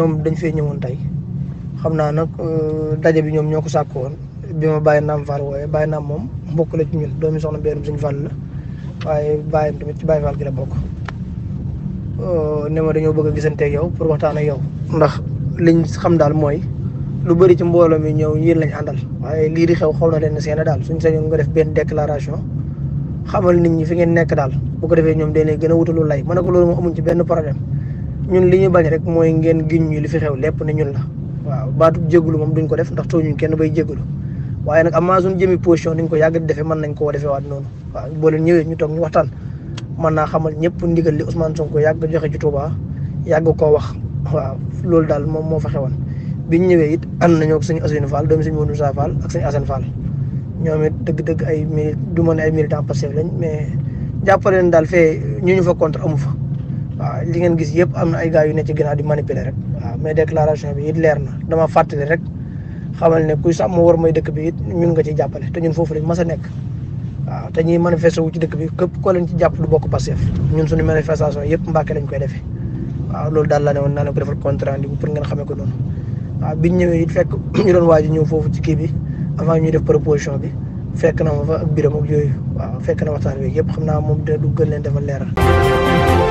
ñoom dañ fee ñëwoon tey xam naa nag euh, daje bi ñoom ñoo ko sàkk woon bi ma bàyyi naam Fall moom mbokk la ci ñun doomi soxna benn Sëñ Fall la waaye bàyyam tamit ci Baye Fall gi la bokk. Euh, ne ma dañoo bëgg a yow pour waxtaan ak yow ndax liñ xam daal mooy lu bëri ci mbooloo mi ñëw yéen lañ àndal waaye lii di xew xaw na leen seen daal suñ sañoon nga def benn déclaration xamal nit ñi fi ngeen nekk daal bu ko defee ñoom dañ lay gën a wutalu lay ma ne ko loolu moom amuñ ci benn problème. ñun li ñuy bañ rek mooy ngeen giñ ñu li fi xew lépp ne ñun la waaw baatu jégalu moom duñ ko def ndax tooñuñ kenn bay jégalu waaye nag amaa suñ jëmi position ni ñu ko yàgg di defee mën nañ koo defee waat noonu waaw boo leen ñëwee ñu toog ñu waxtaan mën naa xamal ñëpp ndigal li Ousmane Sonko yàgg joxe ci Touba yàgg koo wax waaw loolu daal moom moo fa xewoon biñ ñëwee it ànd nañoo ak suñu Assane Fall doomi suñu Modou Moussa Fall ak suñu Assane Fall ñoom it dëgg-dëgg ay mili du ma ne ay militant passif lañ mais jàppaleen daal fee ñu ñu fa contre fa waaw li ngeen gis yëpp am na ay gars yu ne ci ginnaaw di manipuler rek waaw mais déclaration bi it leer na dama fàttali rek xamal ne kuy sàmm war may dëkk bi it ñun nga ci jàppale te ñun foofu lañ mas a nekk waaw te ñuy wu ci dëkk bi képp koo leen ci jàpp du bokk Pastef ñun suñu manifestation yëpp Mbàkke lañ koy defee waaw loolu daal la ne woon naa ne ko defal compte rendu bu pour ngeen xamee ko noonu waaw biñ ñëwee it fekk ñu doon waaj ñëw foofu ci kii bi avant ñu def proposition bi fekk na ma fa ak biram ak yooyu waaw fekk waxtaan wi yëpp xam naa moom dina duggal leen dafa leeral